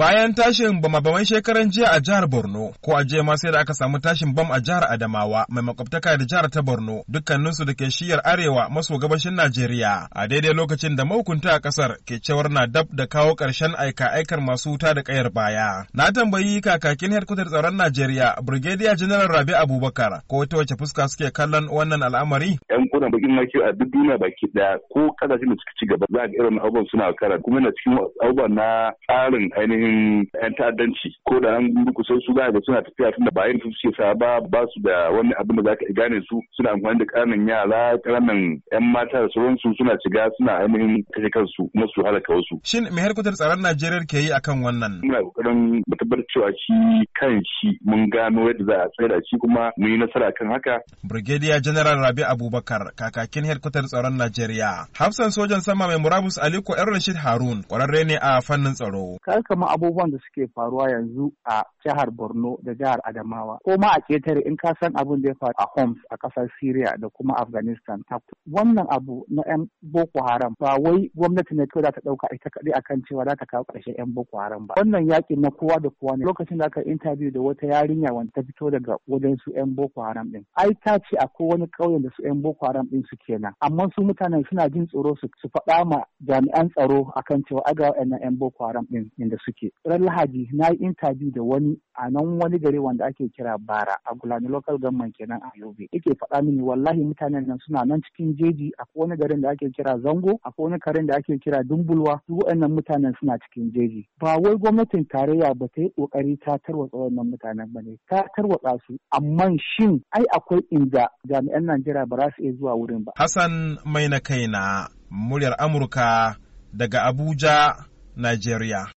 Bayan tashin bama-baman shekaran jiya a jihar Borno, ko a jiya ma sai da aka samu tashin bam a jihar Adamawa mai makwabtaka da jihar ta Borno, dukkaninsu da ke shiyar arewa maso gabashin Najeriya. A daidai lokacin da mahukunta a kasar ke cewar na dab da kawo ƙarshen aika-aikar masu wuta da ƙayar baya. Na tambayi kakakin hedkwatar tsaron Najeriya, Brigadier General Rabi Abubakar, ko ta wace fuska suke kallon wannan al'amari? Yan kuna bakin maki a duk duniya baki ɗaya ko ƙasashen da suka ci gaba za ga irin abubuwan suna kara kuma na cikin abubuwan na tsarin ainihin ainihin 'yan ta'addanci ko da an kusan su za ga suna tafiya tun da bayan su suke sa ba ba su da wani abin da za ka gane su suna amfani da ƙananan yara ƙananan 'yan mata da sauransu suna shiga suna ainihin kashe kansu kuma su halaka wasu. Shin me harkutar tsaron Najeriya ke yi akan wannan? Muna kokarin mu tabbatar cewa shi kan shi mun gano yadda za a a shi kuma mu yi nasara kan haka. Brigadier General Rabi Abubakar kakakin harkutar tsaron Najeriya. Hafsan sojan sama mai murabus Aliko Yar Rashid Harun kwararre ne a fannin tsaro. Ka kama abubuwan da suke faruwa yanzu a jihar Borno da jihar Adamawa ko ma a ketare in ka san abin da ya faru a Homs a kasar Syria da kuma Afghanistan. Wannan abu na 'yan Boko Haram ba wai gwamnati ne kawai za ta ɗauka ita kaɗai akan cewa za ta kawo ƙarshen 'yan Boko Haram ba. Wannan yakin na kowa da kowa ne lokacin da aka interview da wata yarinya wanda ta fito daga wajen su 'yan Boko Haram ɗin. Ai ta ce ko wani ƙauyen da su 'yan Boko Haram ɗin su kenan. Amma su mutanen suna jin tsoro su faɗa ma jami'an tsaro akan cewa aga 'yan Boko Haram ɗin inda suke. yake ran lahadi na yi intabi da wani a nan wani gari wanda ake kira bara a gulani local government kenan a yobe yake faɗa mini wallahi mutanen nan suna nan cikin jeji a wani garin da ake kira zango a wani garin da ake kira dumbulwa duk waɗannan mutanen suna cikin jeji ba wai gwamnatin tarayya ba ta yi ƙoƙari ta tarwatsa wannan mutanen ba ne ta tarwatsa su amma shin ai akwai inda jami'an najeriya ba za su iya zuwa wurin ba hassan mai na kai na muryar amurka daga abuja Nigeria.